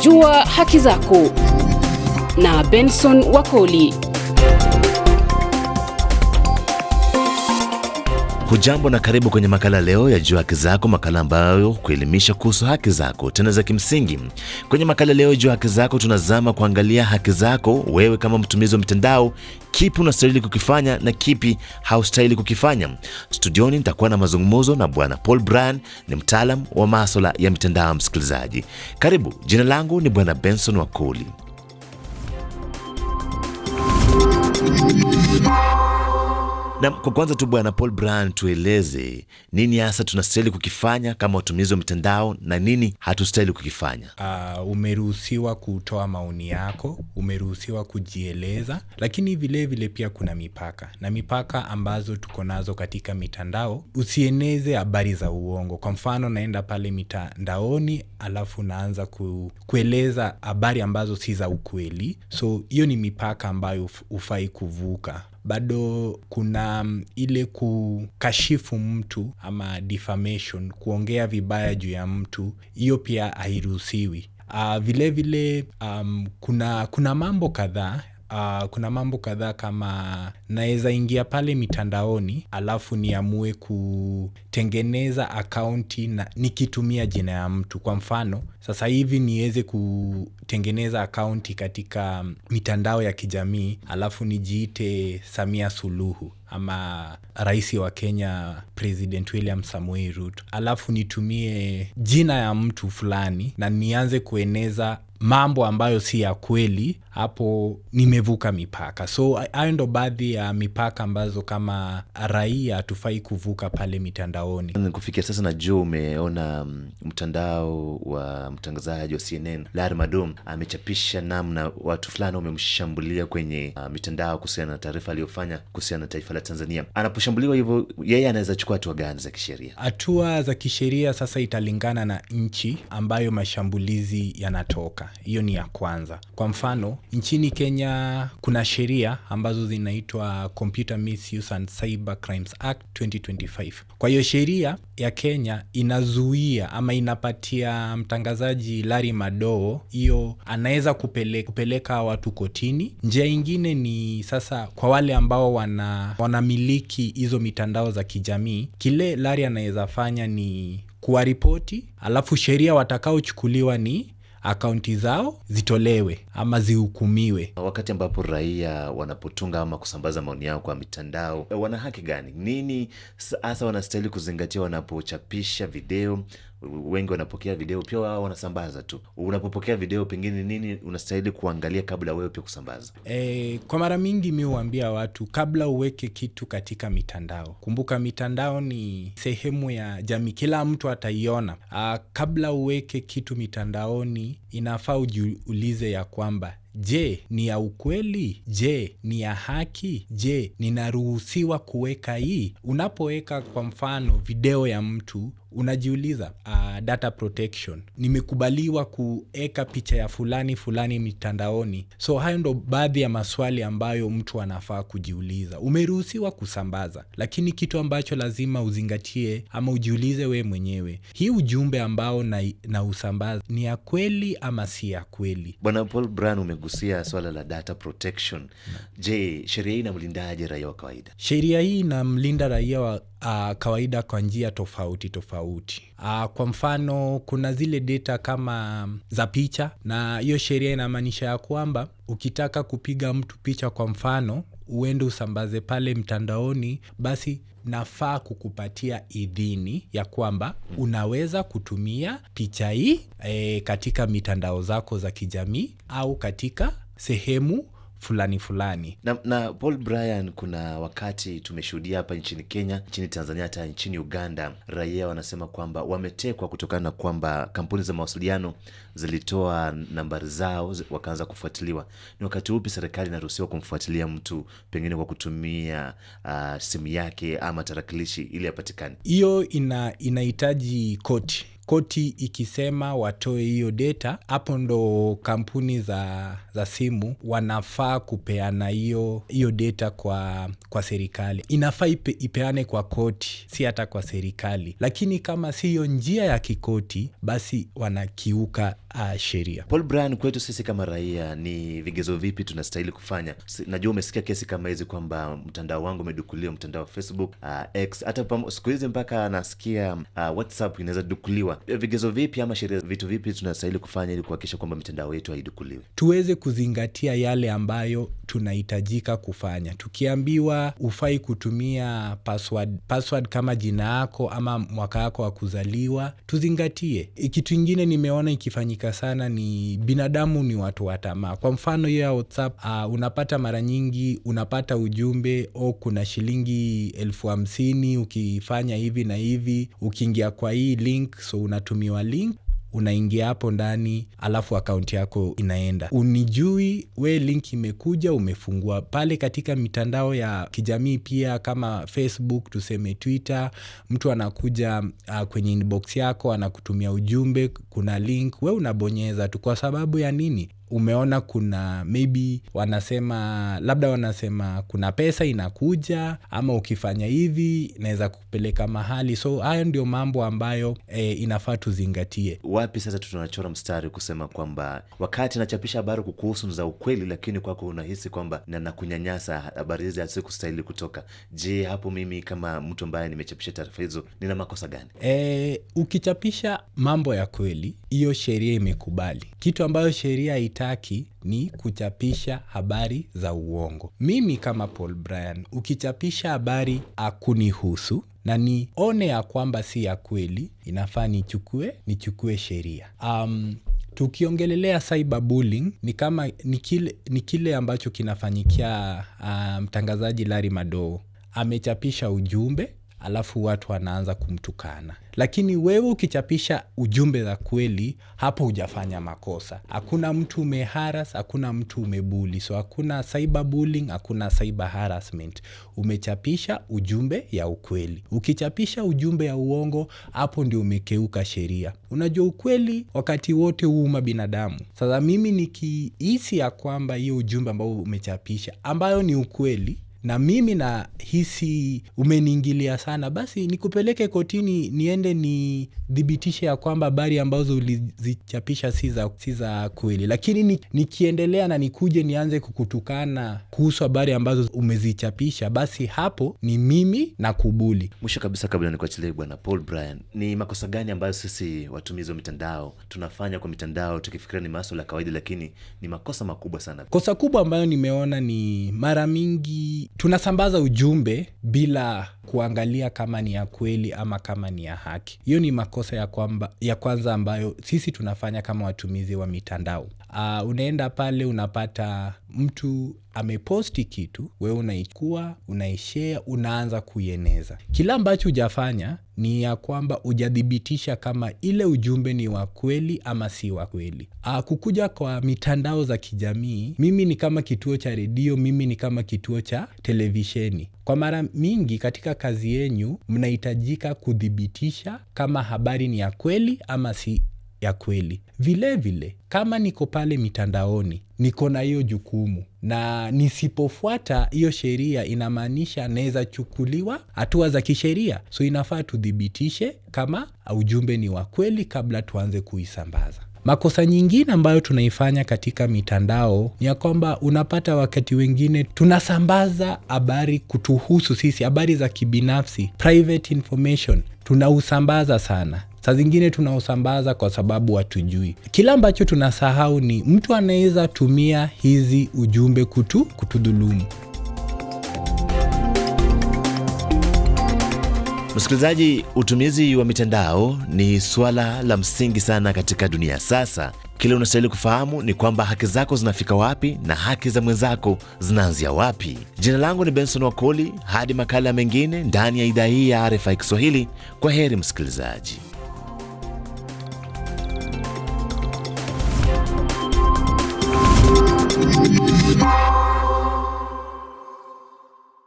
Jua haki zako na Benson Wakoli. Hujambo na karibu kwenye makala leo ya Jua Haki Zako, makala ambayo kuelimisha kuhusu haki zako tena za kimsingi. Kwenye makala leo Jua Haki Zako tunazama kuangalia haki zako wewe kama mtumizi wa mitandao, kipi unastahili kukifanya na kipi haustahili kukifanya. Studioni nitakuwa na mazungumzo na Bwana Paul Brian, ni mtaalam wa maswala ya mitandao. Msikilizaji karibu, jina langu ni Bwana Benson Wakoli. Na kwa kwanza tu Bwana Paul Brand, tueleze nini hasa tunastahili kukifanya kama watumizi wa mitandao na nini hatustahili kukifanya? Uh, umeruhusiwa kutoa maoni yako, umeruhusiwa kujieleza, lakini vilevile vile pia kuna mipaka na mipaka ambazo tuko nazo katika mitandao. Usieneze habari za uongo. Kwa mfano, naenda pale mitandaoni alafu naanza ku, kueleza habari ambazo si za ukweli, so hiyo ni mipaka ambayo hufai kuvuka bado kuna mm, ile kukashifu mtu ama defamation, kuongea vibaya juu ya mtu, hiyo pia hairuhusiwi. Uh, vile vile um, kuna, kuna mambo kadhaa uh, kuna mambo kadhaa kama naweza ingia pale mitandaoni alafu niamue kutengeneza akaunti na nikitumia jina ya mtu. Kwa mfano sasa hivi niweze kutengeneza akaunti katika mitandao ya kijamii alafu nijiite Samia Suluhu ama rais wa Kenya President William samuei Ruto, alafu nitumie jina ya mtu fulani na nianze kueneza mambo ambayo si ya kweli, hapo nimevuka mipaka. So hayo ndo baadhi ya mipaka ambazo kama raia hatufai kuvuka pale mitandaoni. Kufikia sasa, najua umeona mm, mtandao wa mtangazaji wa CNN lar Madom amechapisha namna watu fulani wamemshambulia kwenye uh, mitandao kuhusiana na taarifa aliyofanya kuhusiana na taifa la Tanzania. Anaposhambuliwa hivyo, yeye anaweza chukua hatua gani za kisheria? Hatua za kisheria sasa italingana na nchi ambayo mashambulizi yanatoka. Hiyo ni ya kwanza. Kwa mfano, nchini Kenya kuna sheria ambazo zinaitwa Computer Misuse and Cyber Crimes Act 2025. Kwa hiyo sheria ya Kenya inazuia ama inapatia mtangazaji lari madoo hiyo, anaweza kupeleka, kupeleka watu kotini. Njia ingine ni sasa kwa wale ambao wana, wanamiliki hizo mitandao za kijamii, kile lari anaweza fanya ni kuwaripoti, alafu sheria watakaochukuliwa ni akaunti zao zitolewe ama zihukumiwe. Wakati ambapo raia wanapotunga ama kusambaza maoni yao kwa mitandao, wana haki gani? Nini hasa wanastahili kuzingatia wanapochapisha video wengi wanapokea video pia wao wanasambaza tu. Unapopokea video pengine nini unastahili kuangalia kabla wewe pia kusambaza? E, kwa mara mingi mi huambia watu kabla uweke kitu katika mitandao, kumbuka mitandao ni sehemu ya jamii, kila mtu ataiona. Ah, kabla uweke kitu mitandaoni inafaa ujiulize ya kwamba Je, ni ya ukweli? Je, ni ya haki? Je, ninaruhusiwa kuweka hii? Unapoweka kwa mfano video ya mtu, unajiuliza uh, data protection, nimekubaliwa kuweka picha ya fulani fulani mitandaoni. So hayo ndo baadhi ya maswali ambayo mtu anafaa kujiuliza. Umeruhusiwa kusambaza, lakini kitu ambacho lazima uzingatie ama ujiulize wee mwenyewe, hii ujumbe ambao na, na usambaza ni ya kweli ama si ya kweli? Bwana Paul Bran, umegusia swala la data protection. Je, sheria hii inamlindaje raia wa kawaida? Sheria hii inamlinda raia wa uh, kawaida kwa njia tofauti tofauti. Uh, kwa mfano kuna zile data kama za picha, na hiyo sheria inamaanisha ya kwamba ukitaka kupiga mtu picha kwa mfano uende usambaze pale mtandaoni, basi nafaa kukupatia idhini ya kwamba unaweza kutumia picha hii e, katika mitandao zako za kijamii au katika sehemu fulani fulani na, na Paul Brian, kuna wakati tumeshuhudia hapa nchini Kenya, nchini Tanzania, hata nchini Uganda, raia wanasema kwamba wametekwa kutokana na kwamba kampuni za mawasiliano zilitoa nambari zao wakaanza kufuatiliwa. Ni wakati upi serikali inaruhusiwa kumfuatilia mtu pengine kwa kutumia uh, simu yake ama tarakilishi ili apatikane? Hiyo inahitaji ina koti koti ikisema watoe hiyo data, hapo ndo kampuni za, za simu wanafaa kupeana hiyo hiyo data kwa, kwa serikali. Inafaa ipe, ipeane kwa koti, si hata kwa serikali, lakini kama siyo njia ya kikoti, basi wanakiuka uh, sheria. Paul Brian, kwetu sisi kama raia ni vigezo vipi tunastahili kufanya? Najua umesikia kesi kama hizi kwamba mtandao wangu umedukuliwa, mtandao wa Facebook, uh, X, hata siku hizi mpaka anasikia uh, ah, WhatsApp inaweza dukuliwa kuchukua eh, Vigezo vipi ama sheria, vitu vipi tunastahili kufanya ili kuhakikisha kwamba mitandao yetu haidukuliwi? Tuweze kuzingatia yale ambayo tunahitajika kufanya. Tukiambiwa ufai kutumia password, password kama jina yako ama mwaka wako wa kuzaliwa, tuzingatie. Kitu ingine nimeona ikifanyika sana ni binadamu ni watu wa tamaa. Kwa mfano hiyo ya WhatsApp, uh, unapata mara nyingi unapata ujumbe o, oh, kuna shilingi elfu hamsini ukifanya hivi na hivi, ukiingia kwa hii link so unatumiwa link unaingia hapo ndani, alafu akaunti yako inaenda. Unijui we, link imekuja, umefungua pale katika mitandao ya kijamii pia kama Facebook, tuseme Twitter, mtu anakuja uh, kwenye inbox yako anakutumia ujumbe, kuna link, we unabonyeza tu. Kwa sababu ya nini? umeona kuna maybe wanasema labda wanasema kuna pesa inakuja ama ukifanya hivi naweza kupeleka mahali so hayo ndio mambo ambayo e, inafaa tuzingatie wapi sasa tunachora mstari kusema kwamba wakati nachapisha habari kukuhusu za ukweli lakini kwako unahisi kwamba na nakunyanyasa habari hizi hazikustahili kutoka je hapo mimi kama mtu ambaye nimechapisha taarifa hizo nina makosa gani e, ukichapisha mambo ya kweli hiyo sheria imekubali kitu ambayo sheria ita sitaki ni kuchapisha habari za uongo. Mimi kama Paul Bryan, ukichapisha habari hakunihusu na nione ya kwamba si ya kweli, inafaa nichukue nichukue sheria um, Tukiongelelea cyberbullying ni kama ni kile, ni kile ambacho kinafanyikia uh, mtangazaji um, Larry Madowo amechapisha ujumbe alafu watu wanaanza kumtukana. Lakini wewe ukichapisha ujumbe za kweli, hapo hujafanya makosa. Hakuna mtu umeharas, hakuna mtu umebuli, so hakuna cyber bullying, hakuna cyber harassment. Umechapisha ujumbe ya ukweli. Ukichapisha ujumbe ya uongo, hapo ndio umekeuka sheria. Unajua ukweli wakati wote huuma binadamu. Sasa mimi nikihisi ya kwamba hiyo ujumbe ambao umechapisha ambayo ni ukweli na mimi na hisi umeniingilia sana, basi nikupeleke kotini, niende nithibitishe ya kwamba habari ambazo ulizichapisha si za si kweli. Lakini ni, nikiendelea na nikuje nianze kukutukana kuhusu habari ambazo umezichapisha, basi hapo ni mimi na kubuli. Mwisho kabisa, kabla nikuachilie Bwana Paul Brian, ni makosa gani ambayo sisi watumizi wa mitandao tunafanya kwa mitandao tukifikiria ni maswala ya kawaida, lakini ni makosa makubwa sana? Kosa kubwa ambayo nimeona ni mara mingi tunasambaza ujumbe bila kuangalia kama ni ya kweli ama kama ni ya haki. Hiyo ni makosa ya, kwamba, ya kwanza ambayo sisi tunafanya kama watumizi wa mitandao uh, unaenda pale unapata mtu ameposti kitu, wewe unaikua, unaishea unaanza kuieneza. Kila ambacho hujafanya ni ya kwamba hujathibitisha kama ile ujumbe ni wa kweli ama si wa kweli. uh, kukuja kwa mitandao za kijamii, mimi ni kama kituo cha redio, mimi ni kama kituo cha televisheni. Kwa mara mingi katika kazi yenyu mnahitajika kuthibitisha kama habari ni ya kweli ama si ya kweli. Vilevile vile, kama niko pale mitandaoni niko na hiyo jukumu, na nisipofuata hiyo sheria inamaanisha naweza chukuliwa hatua za kisheria. So inafaa tudhibitishe kama ujumbe ni wa kweli kabla tuanze kuisambaza. Makosa nyingine ambayo tunaifanya katika mitandao ni ya kwamba unapata wakati wengine tunasambaza habari kutuhusu sisi, habari za kibinafsi, private information tunausambaza sana saa zingine tunaosambaza kwa sababu hatujui. Kila ambacho tunasahau ni mtu anaweza tumia hizi ujumbe kutu kutudhulumu. Msikilizaji, utumizi wa mitandao ni suala la msingi sana katika dunia sasa. Kile unastahili kufahamu ni kwamba haki zako zinafika wapi na haki za mwenzako zinaanzia wapi. Jina langu ni Benson Wakoli. Hadi makala mengine ndani ya idhaa hii ya RFI Kiswahili, kwa heri msikilizaji.